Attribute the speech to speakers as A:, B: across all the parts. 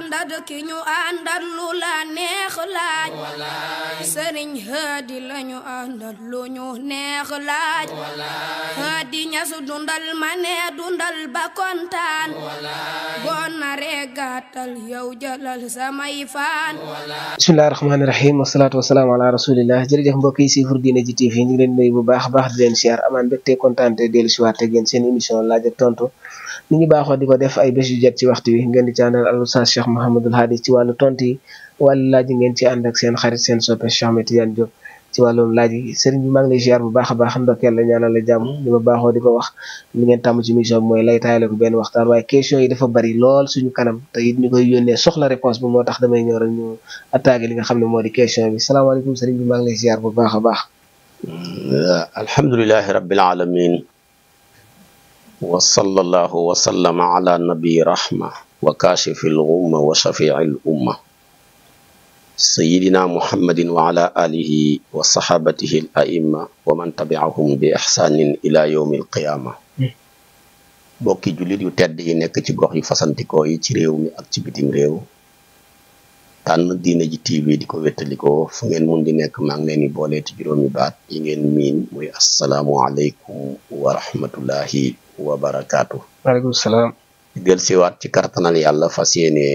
A: àndad ki ñu àndal la neex laaj sëriñ Haadi la ñu àndal lu ñu neex laaj Haadi ñasu dundal ma ne dundal ba kontaan boo naree gàttal yow jëlal samay faan bismillahi rahmaani rahim wasalaatu wasalaamu ala rasulillah jërëjëf mbokk yi si Diine ji TV ñu ngi leen bu baax baax di leen siyaar amaan mbégte kontaan te dellu siwaat te gën seen émission laaj tontu ni ñu baaxoo di ko def ay bés yu ci waxtu wi ngeen di ci àndal al Oustaz Cheikh Mouhamadul ci wàllu tont yi wàllu laaj yi ngeen ci ànd seen xarit seen soppe Cheikh Ahmed Tidiane Diop ci wàllum laaj yi sëriñ bi maa ngi bu baax a baax ndokkeel la ñaanal la jàmm li baaxoo di ko wax li ngeen mooy lay taayale ko benn waxtaan waaye question yi dafa bari lool suñu kanam te it ñu koy yónnee soxla réponse bi moo tax damay ñëw rek ñu attaqué li nga xam ne moo di question bi salaamaaleykum sëriñ bi maa ngi lay ziar bu baax a baax
B: alhamdulilahi rabbil alamin wa sallallahu wa sallama ala nabi rahma wa kaashifi l umma wa shafii l umma sayidina muhammadin wa wa sahabatihi l aimma wa man tabiahum bi ihsanin ila yawmi l bokki jullit yu tedd yi nekk ci gox yu fasantikoo yi ci réew mi ak ci bitim réew tànn diine ji tv di ko wettalikoo fu ngeen mun di nekk maa ngi leen di boolee ci baat yi ngeen miin muy asalaamu aleykum wa wa barakaatu. waaleykum salaam. gël siwaat ci kartanal yàlla fas yéene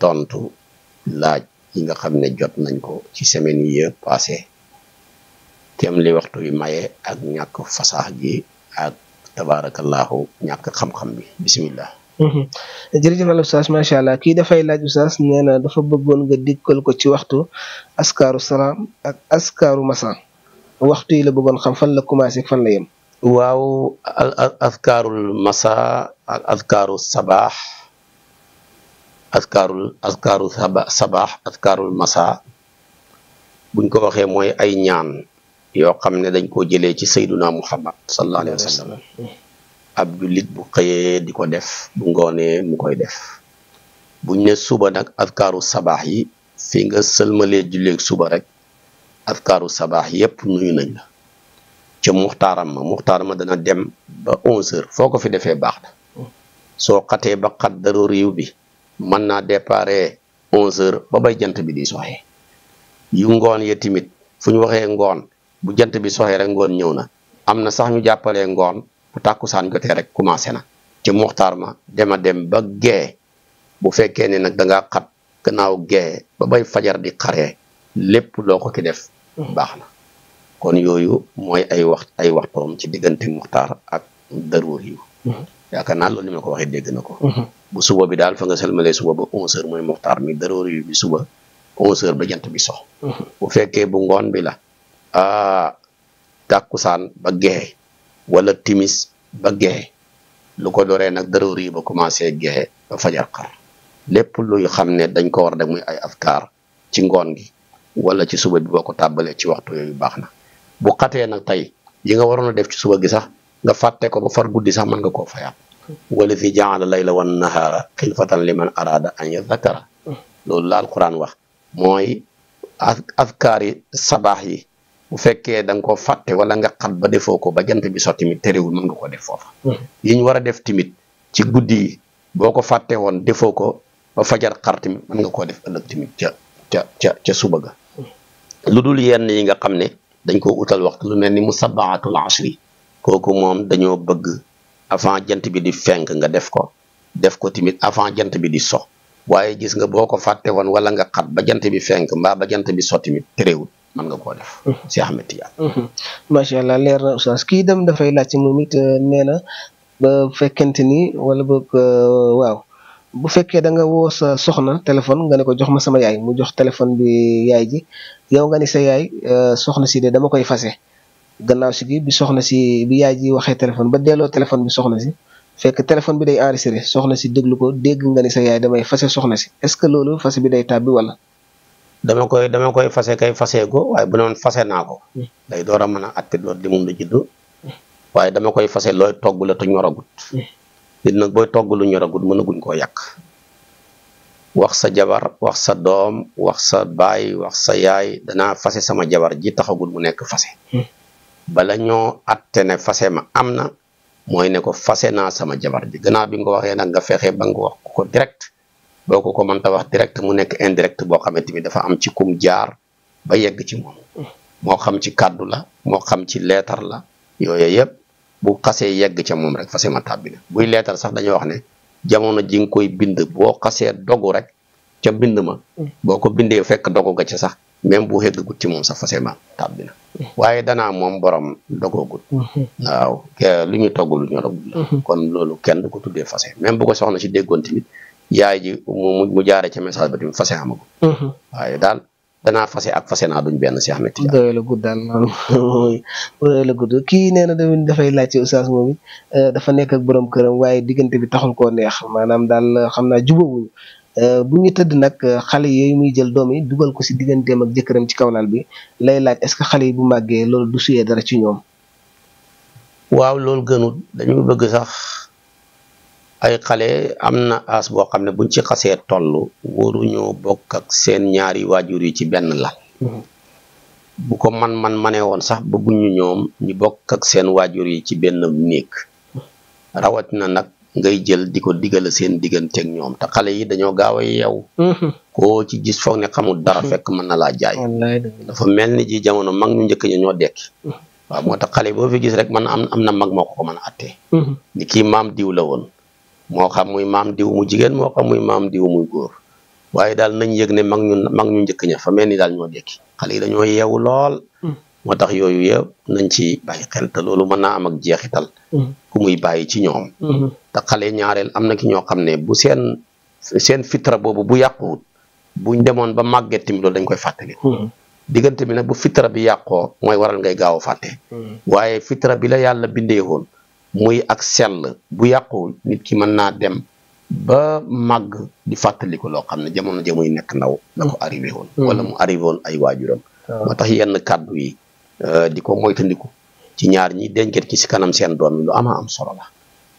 B: tontu laaj yi nga xam ne jot nañ ko ci semaine yi yëpp passé tem li waxtu yi maye ak ñàkk fasax gi ak tabaarakallaahu ñàkk xam-xam bi bisimilah.
A: Mhm. jërëjëf al allah kii dafay laaj oustaz nee dafa bëggoon nga dikkal ko ci waxtu askaaru salaam ak askaaru masa waxtu la bëggoon xam fan la commencé fan la yem.
B: waaw azkaarul masa ak azkaaru sabaax azkaarul azkaaru sabaax azkaarul masa buñ ko waxee mooy ay ñaan yoo xam ne dañ koo jëlee ci sayduna muhammad sallallahu alayhi wa sallam ab jullit bu xëyee di ko def bu ngoonee mu koy def buñ ne suba nag azkaaru sabaax yi fi nga sëlmalee julleeg suba rek azkaaru sabaax yépp nuyu nañ la ca muxtaaram ma muxtaaram ma dana dem ba 11h foo ko fi defee baax na soo xatee ba xat daro réew bi mën naa dépare 11 ba bay jant bi di soxee yu ngoon ya timit fu ñu waxee ngoon bu jant bi soxee rek ngoon ñëw na am na sax ñu jàppalee ngoon bu tàkkusaan jotee rek commencé na ci muxtaar ma dema dem ba gee bu fekkee ne nag danga xat gannaaw gee ba bay fajar di xaree lépp loo ko ki def hmm. baax na kon yooyu mooy ay wax ay waxtoom ci diggante muxtaar ak daruur yi mhm. yaakaar naa loolu ni ma ko waxee dégg na ko mhm. bu suba bi daal fa nga selmalee suba ba onze heures mooy muxtaar mi daruur yi bi suba onze ba jant bi sox mhm. bu fekkee bu ngoon bi la ah tàkkusaan ba gexe wala timis ba gexe lu ko dooree nag daruur yi ba commencé gexe ba fajar xar lépp luy xam ne dañ ko war a def muy ay afkaar ci ngoon gi wala ci suba bi boo ko tàbbalee ci waxtu yooyu baax na bu xatee nag tey yi nga waroon a def ci suba gi sax nga fàtte ko ba far guddi sax mën nga koo fayaat wala fi jaala layla wan nahaara xilfatan liman araada an yadakara loolu la alquran wax mooy azkaari sabaax yi bu fekkee da nga koo fàtte wala nga xat ba defoo ko ba jant bi so tamit terewul mën nga koo def foofa yi ñu war a def tamit ci guddi yi boo ko fàtte woon defoo ko ba fajar xar tamit mën nga koo def ëllëg tamit ca ca ca ca suba ga lu dul yenn dañ ko utal waxtu lu mel ni mu musabbaatul ashri kooku moom dañoo bëgg avant jant bi di fenk nga def ko def ko tamit avant jant bi di so waaye gis nga boo ko fàtte woon wala nga xat ba jant bi fenk mbaa ba jant bi so tamit terewul mën nga koo def. si mm-hmm. Ahmed Tidiane.
A: Mm-hmm. macha allah leer na oustaz kii dem dafay laaj ci moom it eh, nee na ba fekkente ni wala ba eh, waaw. bu fekkee da nga woo sa soxna téléphone nga ne ko jox ma sama yaay mu jox téléphone bi yaay ji yow nga ni sa yaay euh, soxna si de dama koy fase gannaaw si gi bi soxna si bi yaay ji waxee téléphone ba delloo téléphone bi soxna si fekk téléphone bi day enregistré soxna si déglu ko dégg nga ni sa yaay damay fase soxna si est-ce que loolu fase bi day bi wala.
B: dama koy dama koy fase kay fasee ko waaye bu noon fase naa ko. Hmm. day door a mën a àtte door di moom la juddu. Hmm. waaye dama koy fase looy togg la te ñoragut. Hmm. nit nak boy togg lu ñoragul mënaguñ ko yak wax sa jabar wax sa dom wax sa bay wax sa yaay dana fase sama jabar ji taxagul mu nekk fase hmm. bala ñoo atté né fase ma amna, moy né ko fase na sama jabar ji gëna bi nga waxé nak nga fexé ba nga wax ko direct boko ko mën ta wax direct mu nekk indirect bo xamé timi dafa am ci kum jaar ba yegg ci mom hmm. mo xam ci kaddu la mo xam ci lettre la yoyé yépp bu xasee yegg ca moom rek fase ma tàbbi na buy leetar sax dañoo wax ne jamono ji nga koy bind boo kasee dogu rek ca bind ma boo ko bindee fekk dogu ga ca sax même bu xeggagut ci moom sax fase ma tàbbi waaye danaa moom borom dogoogut waaw lu ñu togg lu ñoragul la mhm. kon loolu kenn du ko tuddee fase même bu ko soxna si déggoon tamit yaay ji mu mu jaare ca message ba tamit fase amagu mhm. waaye daal danaa fase ak fase naa duñ benn Cheikh Ahmed Tidiane. doy la
A: gudd daal doy la gudd nee na tamit dafay laajte oustaz moom euh, dafa nekk ak borom këram waaye diggante bi taxul ko neex maanaam daal euh, xam naa jubóowuñu euh, bu ñu tëdd nag xale yooyu muy jël doom yi dugal ko si digganteem ak jëkkëram ci kaw laal bi lay laaj est ce que xale yi bu màggee loolu du suyee dara ci ñoom.
B: waaw loolu gënul dañuy bëgg sax. ay xale am na as boo xam ne buñ ci xasee toll waruñoo bokk ak seen ñaari waajur yi ci benn la mm-hmm. bu ko man man manee woon sax ñu ñoom ñu bokk ak seen waajur yi ci benn néeg rawat na nag ngay jël di ko digale seen digganteeg ñoom te xale yi dañoo gaaw a yeew mm-hmm. ci gis foog ne xamul dara mm-hmm. fekk mën na laa jaay dafa mel ni ji jamono mag ñu njëkk ñu ñoo dekki waaw moo tax xale boo fi gis rek man am am na mag moo ko ko mën a attee ni kii maam diwla woon moo xam muy maam diw mu jigéen moo xam muy maam diw muy góor waaye daal nañ yëg ne mag ñu mag ñu njëkk ña fa mel ni daal ñoo dekki xale yi dañoo yeewu lool mm. moo tax yooyu yëpp nañ ci bàyyi xel te loolu mën naa am ak jeexital mm. ku muy bàyyi ci ñoom mm-hmm. ta xale ñaareel am na ki ñoo xam ne bu seen seen fitra boobu bu yàquwut buñ demoon ba màgget tamit dañ koy fàttali mm-hmm. diggante bi nag bu fitra bi yàqoo mooy waral ngay gaaw fàtte mm-hmm. waaye fitra bi yàlla bindee woon muy ak sell bu yàqu nit ki mën naa dem ba màgg di fàttaliku loo xam ne jamono ja muy nekk ndaw la ko arrivé woon hmm. wala mu arrivé woon ay waajuram ah. moo tax yenn kàddu yi euh, di ko moytandiku ci ñaar ñi denket ki si kanam seen doom lu ama am solo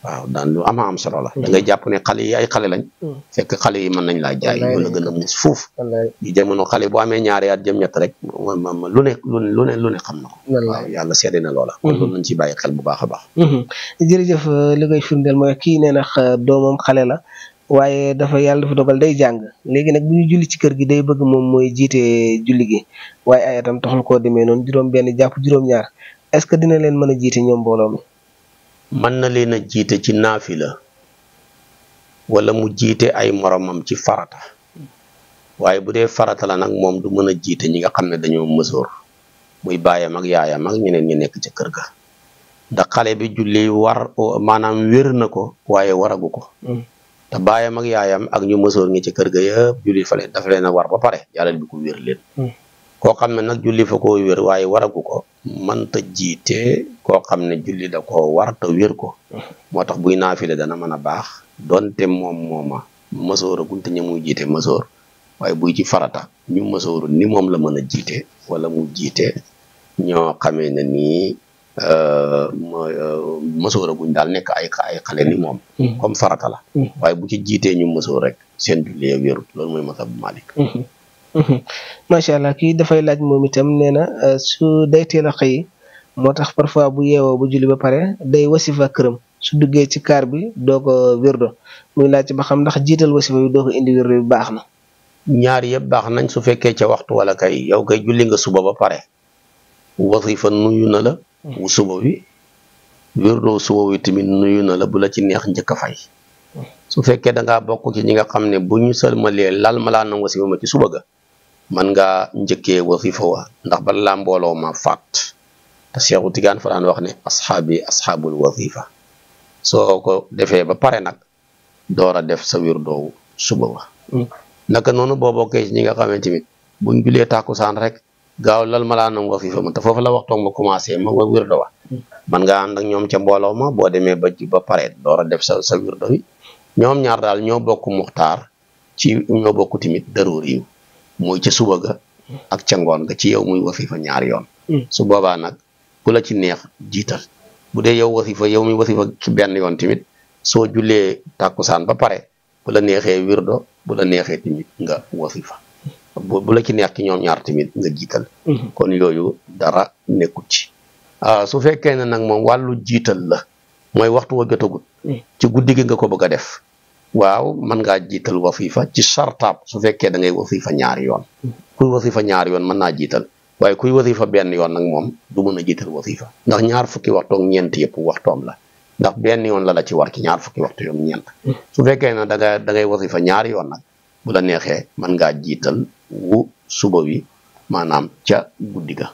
B: waaw daan lu ama am solo la hmm. da ngay xale yi ay xale lañ hmm. fekk xale yi mën nañ laa jaay wala a muus fuuf yi jamono xale boo amee ñaari at jëm ñett rek lu ne lu ne lu ne xam na ko yàlla seede na loola kon hmm. loolu nañ ci bàyyi xel bu baax a baax
A: jërëjëf euh, li koy firndeel mooy kii nee na euh, doomam xale la waaye dafa yàlla dafa dogal day jàng léegi nag bu ñu julli ci kër gi day bëgg moom mooy jiite julli gi waaye ay atam ko koo demee noonu juróom benn jàpp juróom-ñaar est-ce que dina leen mën a jiite ñoom mbooloo
B: man na leen a jiite ci naafila wala mu jiite ay moromam ci farata waaye bu dee farata la nag moom du mën a jiite ñi nga xam ne dañoo mësoor muy baayam ak yaayam ak ñeneen ñi nekk ca kër ga da xale bi julli war wér na ko waaye waragu ko hmm. te baayam ak yaayam ak ñu mësoor ngi ci kër ga yëpp julli fale leen a war ba pare yàlla bi ko wér koo xam ne nag julli fa koo waaye waragu ko mënta jiite koo xam ne julli da ko warta wér ko moo tax buy naafile dana mën a baax donte moom mooma mësoor a gunte ña jiite mësoor waaye bu ci farata ñu mësooru ni moom la mën a jiite wala mu jiite ñoo xamee ne nii euh, mësoor euh, a daal nekk ay ay xale ni moom mm-hmm. comme farata la mm-hmm. waaye bu ci jiitee ñu mësoor rek seen julli ya wérut loolu mooy masab Malik
A: mm-hmm. Mhm. macha allah kii dafay laaj moom itam nee na euh, su day teel a xëy moo tax parfois bu yeewoo bu julli ba pare day wasifa këram su duggee ci kaar bi doo ko wirdo muy laaj ba xam ndax jiital wasifa bi doo ko indi wirdo bi baax na.
B: ñaar yëpp baax nañ su fekkee ca waxtu wala kay yow kay julli nga suba ba pare wasifa nuyu na la. bu suba bi wirdo tamit nuyu na la bu la ci neex njëkk a fay. Mhm. su fekkee da ngaa bokk ci ñi nga xam ne bu ñu sëlmalee lal ma laa nangu wasifa ma ci suba ga. man nga njëkkee wasifa wa ndax ba la ma fàtt te seexu tigaan fa daan wax ne ashabi ashabul wasifa soo ko defee ba pare nag door def sa wir doowu suba wa hmm. naka noonu boo bokkee ñi nga xamante ni buñ julee tàkkusaan rek gaaw lal ma laa nam wasifa ma te foofu la waxtoom ma commencé ma nga wir do wa hmm. man nga ànd ak ñoom ca mbooloo ma boo demee ba ba pare door def sa sa wir do wi ñoom ñaar daal ñoo bokk muxtaar ci ñoo bokk timit daruur yi muy ca suba ga ak ca ngoon ga ci yow muy wasifa ñaar yoon hmm. su boobaa nag ku la ci neex jiital bu dee yow wasifa yow muy wasifa ci benn yoon tamit soo jullee tàkkusaan ba pare bu la neexee wirdo bu la neexee tamit nga wasifa bu bu la ci neex ci ñoom ñaar tamit nga jiital hmm. kon yooyu dara nekkut ci ah, su fekkee ne nag moom wàllu jiital la mooy waxtu wa jotagut hmm. ci guddi gi nga ko bëgg a def waaw man ngaa jiital wasifa ci sartaab su fekkee da ngay wasifa ñaari yoon kuy wasifa ñaari yoon mën naa jiital waaye kuy wasifa benn yoon nag moom du mën a jiital wasifa ndax ñaar fukki waxtoog ñeent yëpp waxtoom la ndax benn yoon la la ci war ci ñaar fukki waxtu yoon ñeent su fekkee na da nga da ngay wasifa ñaari yoon nag bu la neexee mën ngaa jiital wu suba wi maanaam ca guddi ga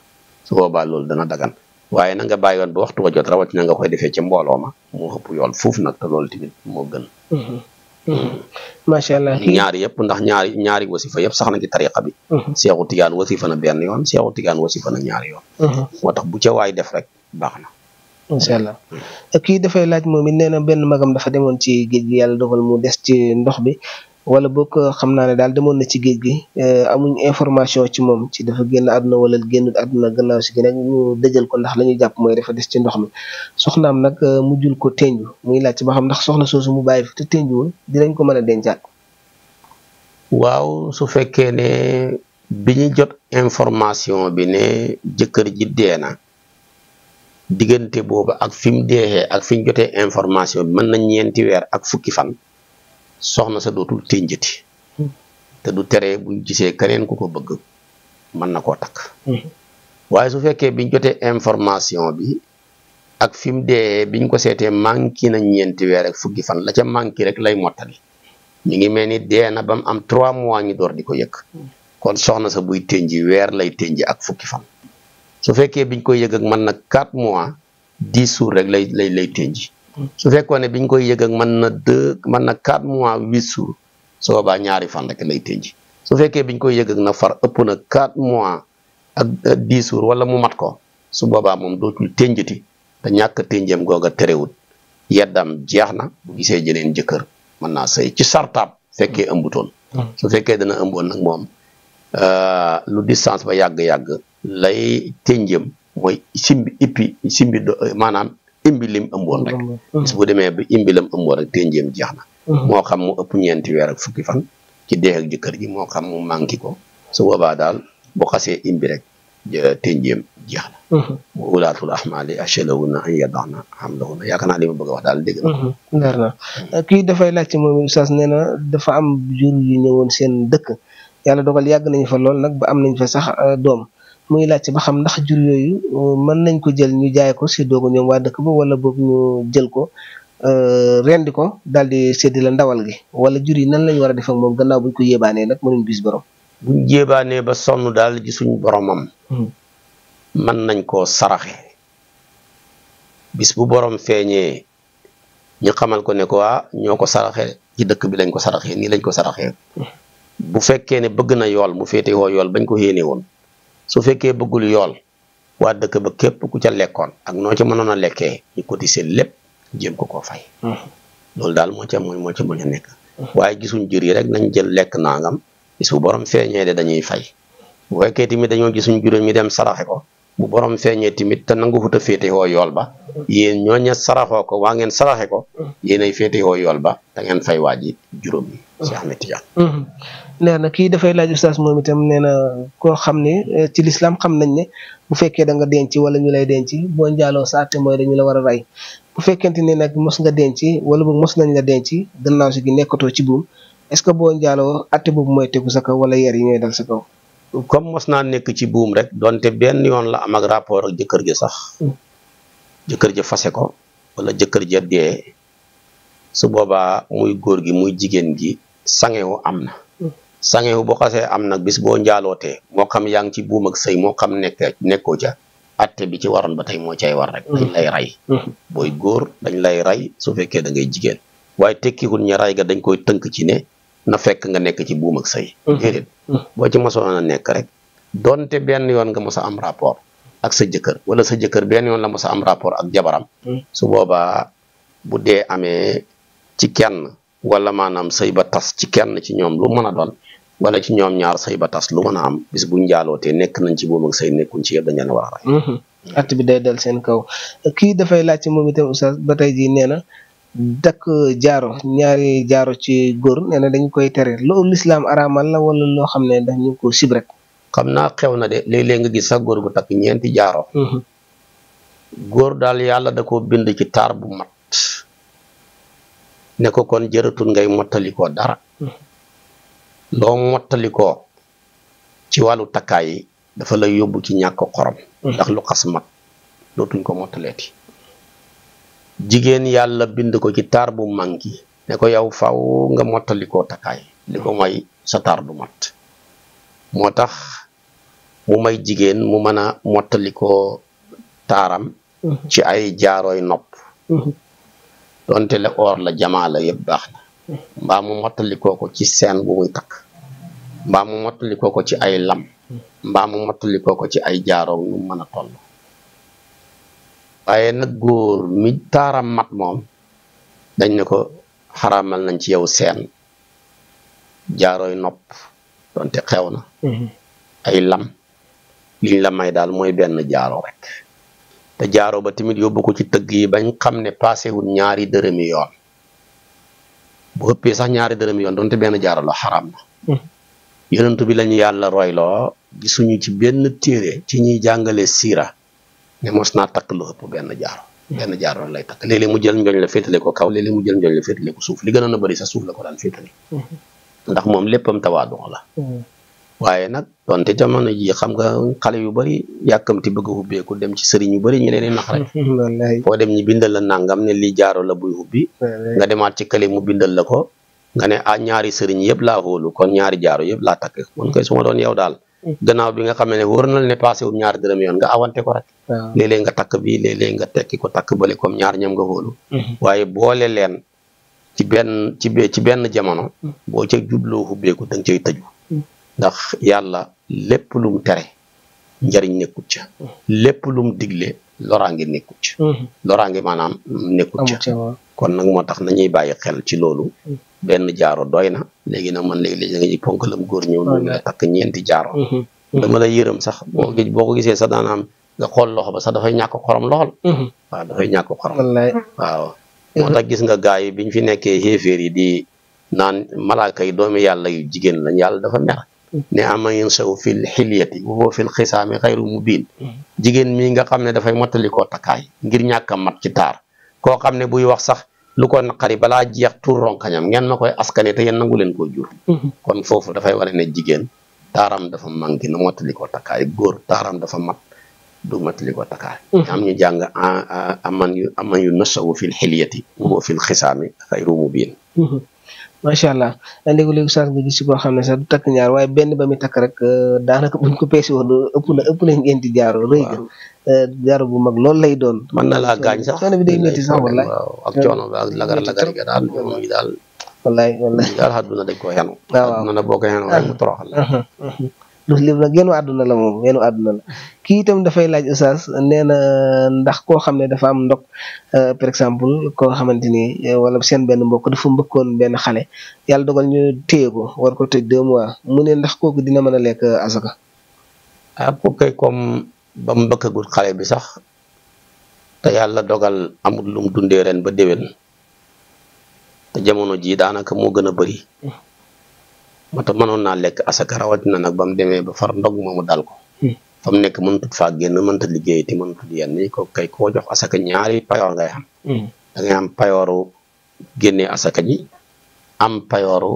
B: su boobaa loolu dana dagan waaye na nga bàyyi woon ba waxtu ba jot na nga koy defee ci mbooloo ma moo ëpp yoon fuuf nag te loolu tamit moo gën
A: mm-hmm. Hmm. macha allah ñaari
B: yëpp ndax ñaari ñaari wasifa yëpp sax na ci tariqa bi. Hmm. seexu tijaan wasifa na benn yoon seexu tijaan wasifa na ñaari yoon. Hmm. moo tax bu ca waay def rek baax na.
A: incha allah kii dafay laaj moom it nee na benn magam dafa demoon ci géej yal yàlla dogal mu des ci ndox bi wala boog euh, xam naa ne daal demoon na ci géej gi euh, amuñ information ci moom ci dafa génn àdduna wala génn àdduna gannaaw si gi nag dajal ko ndax la ñuy jàpp mooy dafa des ci ndox mi soxnaam nag euh, mu jul ko tenju muy laaj ba xam ndax soxna soosu mu bàyyi fi te tenjuwul dinañ ko mën a dencaat.
B: waaw su fekkee ne bi ñu jot information bi ne jëkkër ji dee na diggante boobu ak fi mu deexee ak fi jotee information bi mën na ñeenti weer ak fukki fan. soxna sa dootul ténjati te du tere buñ jisee keneen ku ko bëgg mën na koo takk hmm. waaye su fekkee biñ jotee information bi ak fi mu dee biñ ko seetee manqué na ñeenti weer ak fukki fan la ca manqué rek lay mottali ñu ngi mel ni dee na ba am trois mois ñu door di ko yëg hmm. kon soxna sa buy tënji weer lay tënji ak fukki fan su fekkee biñ koy yëg ak mën na quatre mois di jours rek lay lay lay tënji su fekkoon ne biñ koy yëg ak na deux mën na quatre mois huit jours su boobaa ñaari fan rek lay tëjji su fekkee biñ koy yëg ak na far ëpp na quatre mois ak dix jours wala mu mat ko su boobaa moom dootul tënjati te ñàkk a tënjeem googa terewut yeddam jeex na bu gisee jëleen jëkkër mën naa sëy ci sartaab fekkee ëmbutoon hmm. su fekkee dana ëmboon nag moom euh, lu distance ba yàgg-yàgg lay tënjeem mooy simbi ippi simbi maanaam imbi lim ëmboon rek bis bu demee ba imbi lam ëmboon rek ténjeem jeex na moo xam mu ëpp ñeenti weer ak fukki fan ci dee ak jëkkër ji moo xam mu manqué ko su ba daal bu xasee imbi rek ténjeem jeex na bu ulaatul ahmaali ajalahunna an yadana hamlahunna yaakaar naa a wax daal dégg na
A: leer na kii dafay laajte moom ustaas nee na dafa am jur yu ñëwoon seen dëkk yàlla dogal yàgg nañ fa lool nag ba am nañ fa sax euh, doom muy laajte ba xam ndax jur yooyu euh, mën nañ ko jël ñu jaay ko séddoo ko ñoom waa dëkk ba wala boog ñu jël ko euh, rendi ko daal di séddi la ndawal gi wala jur yi nan lañ war a def ak moom gannaaw buñ ko yéebaanee nag mënuñ bis borom
B: buñ jéebaanee ba sonn daal ci suñ boromam hmm. mën nañ koo saraxe bis bu borom feeñee ñu xamal ko ne ko waa ah, ñoo ko saraxe ci dëkk bi lañ ko saraxee nii lañ ko saraxee hmm. bu fekkee ne bëgg na yool mu féete woo yool bañ ko yéene woon su fekkee bëggul yool waa dëkk ba képp ku ca lekkoon ak noo ca mënoon a lekkee ñu cotiser lépp jéem ko ko fay. loolu daal moo ca mooy moo ca mën a nekk. waaye gisuñ jur yi rek nañ jël lekk nangam bis bu borom feeñee de dañuy fay bu fekkee tamit dañoo gisuñ juróom yi dem saraxe ko bu borom feeñee tamit te nangu fut fete féetewoo yool ba yéen ñooña saraxoo ko waa ngeen saraxe ko yéen ay féetewoo yool ba da ngeen fay waaj ji juróom yi. Cheikh
A: nee na da fay laj oustaz moom itam neena ko koo eh, ci l'islam xamnañ ne bu fekke da nga denci wala ñu lay denci bo ndialo sa atte mooy dañu la wara ray bu fekkenti ne nak mos nga denci wala bu mos nañ la denci gannaaw si ci nekkatoo ci bu est ce bo ndialo atte bu moy teggu saka wala yer yi ngay dal sa kaw
B: comme mos na nek ci buum rek donte ben yon la am ak rapport ak jeuker ji sax hmm. jeuker ji fasé ko wala jeuker ja dé su boba muy gor gi muy jigen gi sangewu boo xasee am na bis boo njaalootee moo xam yaa ngi ci buum ak sëy moo xam nekk nekkoo ca atte bi ci waroon ba tey moo cay war rek dañ lay rey booy góor dañ lay ray su fekkee da ngay jigéen waaye tekkiwul ña ray ga dañ koy tënk ci ne na fekk nga nekk ci buum ak sëy boo ci mosoon a nekk rek donte benn yoon nga mos am rapport ak sa jëkkër wala sa jëkkër benn yoon la mos a am rapport ak jabaram hmm. su boobaa bu dee amee ci kenn wala maanaam sëy ba tas ci kenn ci ñoom lu mën a doon wala ci ñoom ñaar sëy ba tas lu mën a am bis buñ jaalootee nekk nañ ci boobu ak sëy nekkuñ ci yëpp dañ leen war a rey
A: mm-hmm. at bi day dal seen ci moom itam oustaz ba tey jii nee na dakk jaaro ñaari ci góor nee na dañ koy tere loolu lislaam araamal
B: la wala loo xam ne daf ñu ko sib rek xam naa xew na de léeg-léeg nga gis sax góor gu takk ñeenti jaaro mm-hmm. góor daal yàlla da ko bind ci taar bu mat ne ko kon jëratul ngay mottalikoo dara loo mottalikoo ci wàllu takkaay dafa la yóbbu ci ñàkk korom ndax lu xas mag dootuñ ko mottaleeti jigéen yàlla bind ko ci taar bu manki ne ko yow faw nga mottalikoo takkaay li ko may sa taar du mat moo tax mu may jigéen mu mën a mottalikoo taaram ci ay jaarooy nopp donte le or la jamaa la yëpp baax na mbaa mu mottalikoo ko ci seen bu muy takk mbaa mu ko ci ay lam mbaa mu mottalikoo ko ci ay jaaroo nu mën a toll waaye nag góor mi taaram mat moom dañ ne ko xaraamal nañ ci yow seen jaarooy nopp donte xew na mm-hmm. ay lam liñ la may daal mooy benn jaaroo rek te jaaro ba tamit yóbbu ko ci tëgg yi bañ xam ne passé wul ñaari dërëmi yoon bu ëppee sax ñaari dërëmi yoon donte benn jaaro la xaram na hmm. yonentu bi lañu yàlla royloo gisuñu ci benn téere ci ñuy jàngale siira ne mos naa takk lu ëpp benn jaaro hmm. benn jaaro lay takk léeg mu jël njooñ la féetale ko kaw léeg mu jël njooñ la féetale ko suuf li gënoon a bëri sax suuf la ko daan féetale
C: hmm.
B: ndax moom léppam tawaadu la waaye nag donte jamono ji xam nga xale yu bari yàkkamti bëgg a ubbeeku dem ci sëriñ yu bari ñu leen di nax rek dem ñi bindal la nangam ne li jaaro la buy ubbi nga demaat ci kële mu bindal la ko nga ne ah ñaari sëriñ yëpp laa xoolu kon ñaari jaaro yëpp laa takk man koy su ma yow daal gannaaw bi nga xamee ne wóor na ne passé wu ñaari dërëm yoon nga awante ko rek nga takk bi léeg nga tekki ko takk bale comme ñaari ñam nga xoolu mhm. waaye boole leen ci benn ci ci benn jamono mhm. boo ca jubloo ubbeeku da nga cay tëju ndax yàlla lépp lum tere njariñ nekkut ca lépp lum digle loraange nekkut ca mm-hmm. loraange maanaam nekkut ca kon nag moo tax na nañuy bàyyi xel ci loolu mm-hmm. benn jaaro doy na léegi nag man léegi-léegi da nga ñuy góor ñëw ñu la takk ñeenti jaaro mm-hmm. dama sax boo boo ko gisee sax daanaam nga xool loxo ba sax dafay ñàkk xorom lool waaw dafay ñàkk xorom waaw moo tax fi nekkee xéeféer yi di naan yàlla jigéen lañ yàlla dafa mer ne ama yansaw fil xilyati wa huwa fil xisaami xayru mubin jigéen mi nga xam ne dafay mottali koo takkaay ngir ñàkk a mat ci taar koo xam ne buy wax sax lu ko naqari balaa jeex tur ronkañam ngeen ma koy askane ta yéen nangu leen koo jur mm-hmm. kon foofu dafay wane ne jigéen taaram dafa manqué na mottali koo takkaay góor taaram dafa mat du mottali koo takkaay mm-hmm. am ñu a aman yu aman yu nasawu fil xilyati wa huwa fil xisaami xayru mubin
A: mm-hmm. macha allah léegi-léegi sax nga gis koo xam ne sax du takk ñaar waaye benn ba muy takk rek euh, daanaka buñ ko peese woon euh, ëpp na ëpp na ngeen di jaaro rëy ga euh, bu mag loolu lay doon. man na laa gaañ sax coono bi day métti sax wallaay. waaw ak coono bi ak lagar
B: lagar ga daal moom daal. wallaay wallaay daal àdduna ko yanu. waaw waaw àdduna boo
A: loolu na nag yenu àdduna la moom yenu àdduna la kii itam dafay laaj oustaz nee na ndax koo xam ne dafa am ndog euh, par exemple koo xamante ni euh, wala seen benn mbokk dafa mbëkkoon benn xale yàlla dogal ñu téye war ko tëj deux mois mu ne ndax kooku dina mën a lekk euh, asaka.
B: ah kooku kay comme ba mu mbëkkagul xale bi sax te yàlla dogal amut lum dundee ren ba déwén te jamono jii daanaka moo gën a bëri. Mm. ba tax mënoon naa lekk asaka rawatina nag ba demee ba far ndog moomu daal ko hmm. fa mu nekk mënut faa génn mënut a liggéey te mënut yenn yi ko kay koo jox asaka ñaari payoor ngay am hmm. da ngay am payooru génnee asaka ji am payooru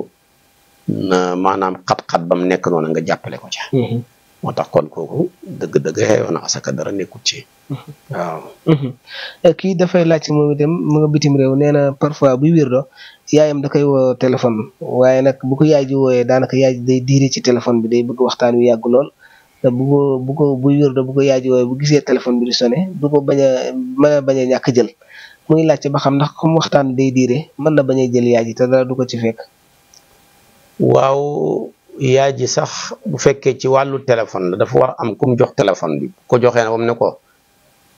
B: maanaam xat-xat ba mu nekk noonu nga jàppale ko ca hmm. moo tax kon kooku dëgg-dëgg xeeyoon na asaka dara nekkut ci
A: mm-hmm. waaw. Mm-hmm. Eh, kii dafay laaj moom itam mu nga bitim réew nee na parfois bu wirdo yaayam da koy woo téléphone waaye nag bu ko yaay ji wooyee daanaka yaay ji day ci téléphone bi day bëgg waxtaan wi yàgg lool. te bu ko bu ko bu wirdo bu ko yaay ji wooyee bu gisee téléphone bi di sone du ko bañ a bañ a ñàkk jël muy laajte ba xam ndax comme waxtaan day diire man na bañ a jël yaay ji te dara du ko ci fekk.
B: waaw. yaa ji sax bu fekkee ci wàllu téléphone la dafa war am kum jox téléphone bi ko joxee na moom ne ko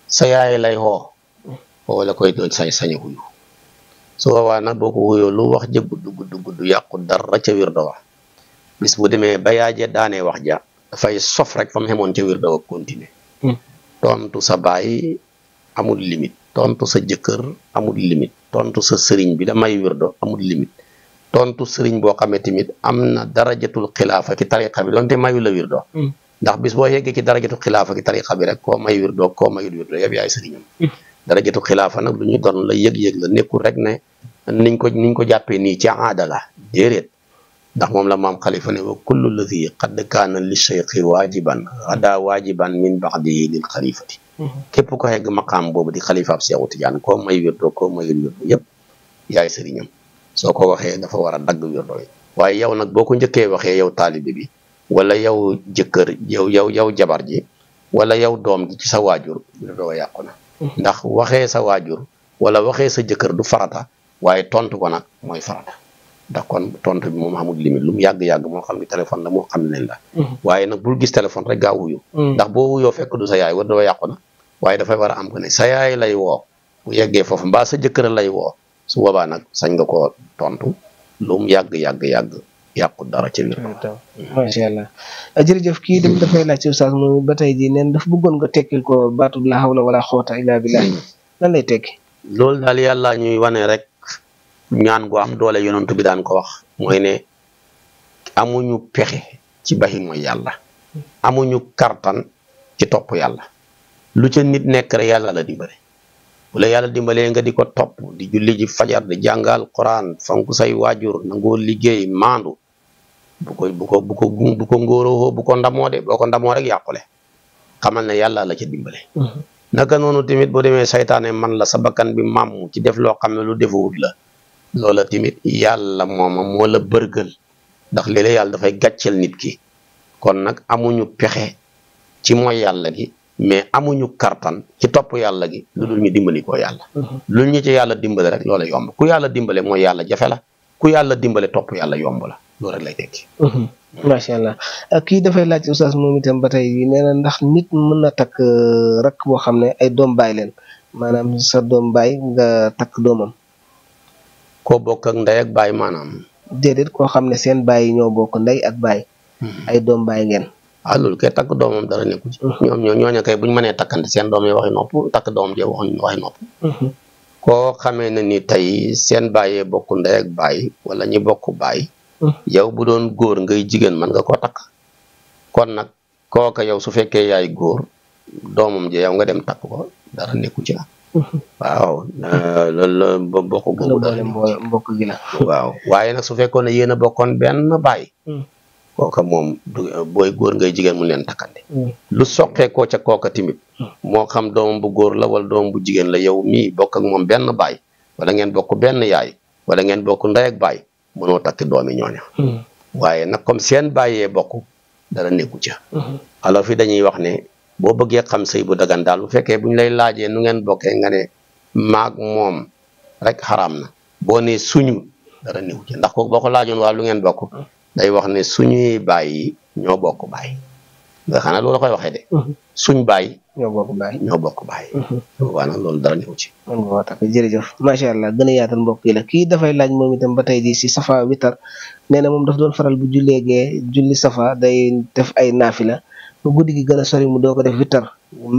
B: sa yaay lay xoo wala koy doon say sañu wuyu su boobaa nag boo ko lu wax ja gudd gudd gudd yàqu dara ca wirdo wa bis bu demee ba yaaje daanee wax ja dafay sof rek fa mu xemoon ca wirdo wa continuer hmm. tontu sa baay amul limite tontu sa jëkkër amul limite tontu sa sëriñ bi da damay wirdo amul limite tontu sëriñ boo xamee tamit am na darajatul xilaafa ci tariqa bi donte mayu la wir wirdo mm. ndax bis boo yeggee ci darajatul xilaafa ci tariqa bi rek koo may wirdo doo mayul wirdo yëpp yaay sëriñam mm. darajatul xilaafa nag lu ñu doon la yëg-yëg la nekkul rek ne niñ ko niñ ko jàppee nii ci aada la ndax moom la maam xalifa ne wa kullu lazi qad kaana li cheikhi waajiban ada waajiban min baxdi lil xalifati mm-hmm. képp ko yegg maqaam boobu di xalifaab Seexu Tijaan koo may wirdo koo yëpp yaay sëriñam soo ko waxee dafa war a dagg wirdo waaye yow nag boo ko njëkkee waxee yow taalib bi wala yow jëkkër yow yow yow jabar ji wala yow doom ji ci sa waajur wirdo na ndax waxee sa waajur wala waxee sa jëkkër du farata waaye tontu ko nag mooy farata ndax kon tontu bi moom xamul limite lu yàgg-yàgg moo xam ni téléphone la moo xam ne la mm-hmm. waaye nag bul gis téléphone rek gaa wuyu mm. ndax boo wuyoo fekk du sa yaay wirdo wa yàqu na waaye dafay war a am ko ne sa yaay lay woo bu yeggee foofu mbaa sa jëkkër lay woo su boobaa nag sañ nga koo tontu lu mu yàgg yàgg yàgg yàqut dara ci biir. macha
A: allah ah, jërëjëf kii dem dafay ci oustaz moom ba tey jii neen dafa bëggoon nga tekkil ko baatu la hawla wala xoota illa billah hmm. lan lay tekki.
B: loolu daal yàlla ñuy wane rek ñaan gu am doole yonent bi daan ko wax mooy ne amuñu pexe ci baxi mooy yàlla. amuñu kartan ci topp yàlla. lu ca nit nekk rek yàlla la dimbale. bu yàlla dimbalee nga di ko topp di julli ji fajar di jàngal quran fonk say waajur ngoo liggéey maandu bu ko bu ko bu ko bu ko ngóoroo bu ko ndamoo de boo ko ndamoo rek yàqule xamal na yàlla la ca dimbale mhm. naka noonu tamit boo demee seytaane man la sa bakkan bi màmm ci def loo xam ne lu defawut la loola tamit yàlla mooma moo la bërgël ndax léeg yàlla dafay gàcceel nit ki kon nag amuñu pexe ci moy yàlla gi mais amuñu kartan ci topp yàlla gi lu dul ñu dimbali koo yàlla lu ñu ci yàlla dimbale rek loola yomb ku yàlla dimbale mooy yàlla jafe la ku yàlla dimbale topp yàlla yomb la loolu rek lay tekki
A: mhm. macha allah ah, kii dafay laaj oustaz moom itam ba tey nee na ndax nit mën na takk euh, rakk boo xam ne ay doom baay leen maanaam sa doom baay nga takk doomam
B: koo bokk ak baay maanaam
A: déedéet koo xam ne seen baay yi ñoo bokk nday ak baay mhm. ay doom baay ngeen ah loolu kay takk doomam dara nekku ci. Mm-hmm.
B: ñoom ñoo ñooñu kay bu ñu mënee takk doom jee waxuñu waxi nopp. Mm-hmm. koo xamee na ni tey seen bàyyee bokk ndey ak baay wala ñi bokk baay. Mm-hmm. yow bu doon góor ngay jigéen mën nga koo takk. kon nag kooka yow su fekkee yaay góor doomam ji yow nga dem takk ko dara nekku ci la. waaw euh, loolu la bokk googu dara. mbokk gi la waaw waaye nag su fekkoon ne yéen bokkoon benn baay. koka mom boy gor ngay jigen mu len takandi hmm. lu soqee ko ca koka timit mo hmm. xam dom bu gor la wal dom bu jigen la yow mi bok ak mom ben bay wala ngeen bok ben yaay wala ngeen bok nday ak baay mënoo takk doomi ñoña hmm. waye nak comme sen baye bok dara neeku ca ala fi dañuy wax ne bo kam xam sey bu dagan dal bu fekke buñ lay laaje nu ngeen bokkee nga ne maag mom rek haram na bo ne suñu dara neeku ca ndax ko boko ko wa lu ngeen bokk day wax ne suñuy bàyyi ñoo bokk bàyyi nga xanaa loolu la koy waxee de. Mhm. suñ baay ñoo bokk baay ñoo bokk bàyyi. Mhm. waaw nag loolu dara ñëw ci.
A: man mhm, jërëjëf macha allah gën a yaatal mbokk yi la kii dafay laaj moom itam ba tey jii si safa witar nee na moom daf doon faral bu jullee gee julli safa day def ay naafila bu guddi gi gën a sori mu doo ko def witar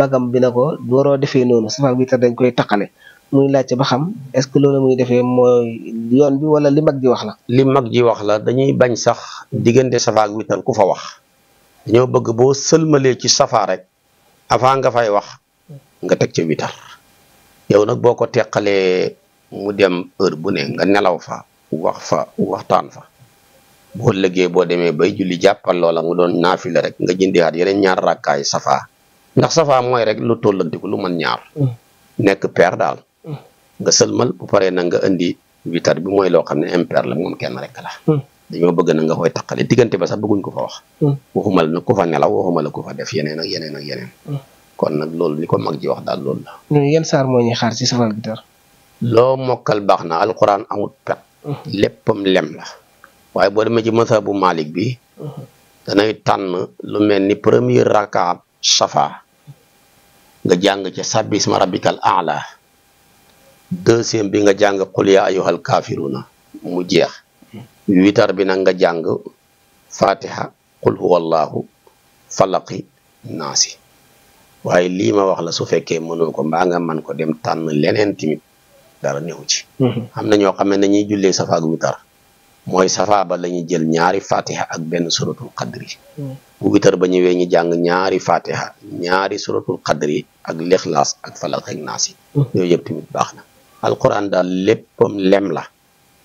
A: magam bi na ko waroo defee noonu safa witar dañ koy taqale muy laajte ba xam est-ce que loolu muy defee mooy
B: yoon bi wala li mag ji wax la. li mag ji wax la dañuy bañ sax diggante safa ak witar ku fa wax dañoo bëgg boo sëlmalee ci safa rek avant nga fay wax nga teg ca witar yow nag boo ko teqalee mu dem heure bu ne nga nelaw fa wax fa waxtaan fa boo lëggee boo demee bay julli jàppal loola nga doon naafila rek nga jëndiwaat yeneen ñaar rakkaay safaa ndax safa mooy rek lu tollantiku lu mën ñaar mm. nekk peer daal. nga sëlmal bu paree nag nga indi witar bi mooy loo xam ne impair la moom kenn rek la hmm. dañoo bëgg na nga koy taqale diggante ba sax bëgguñ ko fa wax hmm. waxumal nag ku fa nelaw waxumal ku fa def yeneen ak yeneen ak yeneen hmm. kon nag loolu li ko mag ji wax daal loolu la
A: ñun yan saar moo ñuy xaar ci safal witar
B: loo mokkal baax na alquran amut pet léppam lem la waaye boo ma ci masa bu Malik bi danay tànn lu mel ni premier rakaab safa nga jàng ca sabbi isma rabbikal aala deuxième bi nga jàng qul ya ayyuhal kafiruna mu jeex witar bi nag nga jàng fatiha qul huwallahu falaqi naasi waaye lii ma wax la su fekkee mënoo ko mbaa nga man ko dem tànn leneen timit dara néew ci mhm. am na ñoo xam ne nañuy jullee safa ak witar mooy safa ba la jël ñaari fatiha ak benn suratul qadri mhm. bu witar ba ñëwee ñu jàng ñaari fatiha ñaari suratul qadri ak lixlaas ak falaq ak naasi mhm. yooyu yëpp baax alquran daal léppam lem la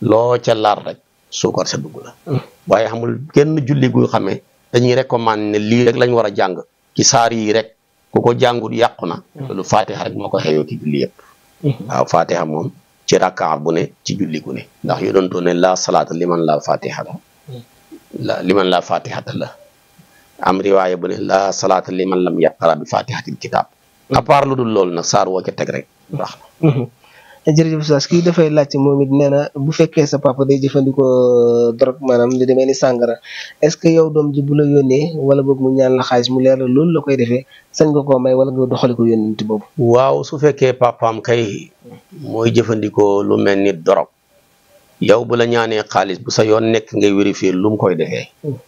B: loo ca laar rek suukar sa dugg la mm. waaye xamul kenn julli gu xamee dañuy recommandé ne lii rek lañ war a jàng ci saar yi rek ku ko jàngut yàqu na mm. loolu fatiha rek moo ko xëyoo ci julli yëpp mm. fatiha moom ci rakkaar bu ne julli gu ndax yu doon doon ne laa salaata liman laa fatiha la la liman laa la am riwaaya bu ne laa salaata liman lam yaqra bi fatihatil lu dul loolu nag saar woo ca teg rek
A: jërëjëf Sass kii dafay laajte moom it nee na bu fekkee sa papa day jëfandikoo euh, drogue maanaam lu demee ni sàngara est-ce que yow doom ji bula la yónnee wala boog mu ñaan la xaalis mu leer la loolu la koy defee sañ nga koo may wala nga doxali ko yónnante
B: boobu. waaw su fekkee papaam kay mooy jëfandikoo lu mel ni drogue yow bu la ñaanee xaalis bu sa yoon nekk nga vérifier lu mu koy defee. Hmm.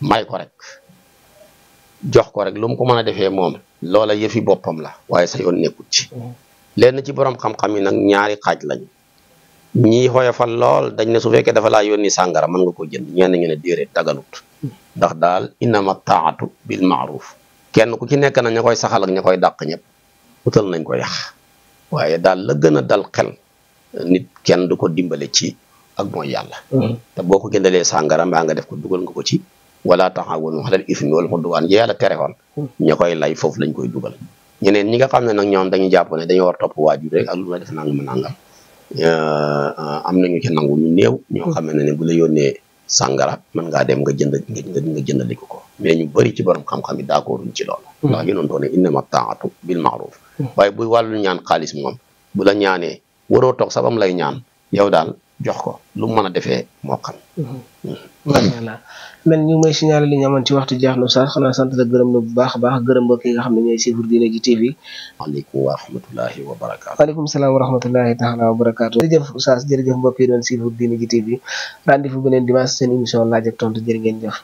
B: may ko rek jox ko rek lu mu ko mën a defee moom loola yëfi boppam la waaye sa yoon nekkut ci. Hmm. lenn ci boroom xam-xam yi nag ñaari xaaj lañ lañu ñii xoyofal lool dañ ne su fekkee dafa laa yoon yónni sàngara mën nga ko jën ñenn ñu ne déedéet tagalut ndax daal innama taatu bil maaruf kenn ku ci nekk na ña koy saxal ak ña koy dàq ñëpp utal nañ ko yàq waaye daal la gën a dal nit kenn du ko dimbale ci ak mooy yàlla mm-hmm. te ko jëndalee sàngara mbaa nga def ko dugal nga ko ci wala taxawunu alal ismi wala ko dugaan ji yàlla tere woon mm-hmm. ña foofu lañ koy dugal ñeneen ñi nga xam ne nag ñoom dañu jàpp ne dañoo war topp waajur rek ak lu la def nangam nangam euh, am nañu ci nangu ñu néew ñoo xam ne ne bu la yónnee sàngara mën ngaa dem nga jënd nga nga jëndali ko ko mais ñu bëri ci borom xam-xam yi d'accorduñ ci loolu hmm. ndax yonent ne innama taatu bil ma'ruf hmm. waaye bu wàllu ñaan xaalis moom bu la ñaanee waroo toog sabam lay ñaan yow daal jox ko lu mu mën a defee moo xam. Mhm. macha
A: allah man ñu ngi may signaler li ñu amoon ci waxtu jaaxlu sax xanaa sant la gërëm la bu baax a baax gërëm ba nga xam ne ñooy suivre Diiné Dji TV.
B: waaleykum wa rahmatulahi wa barakaatu.
A: waaleykum salaam wa rahmatulahi taala wa barakaatu. jërëjëf Oustaz jërëjëf mbokk yi doon seen émission laaj ak tontu jërë ngeen jëf.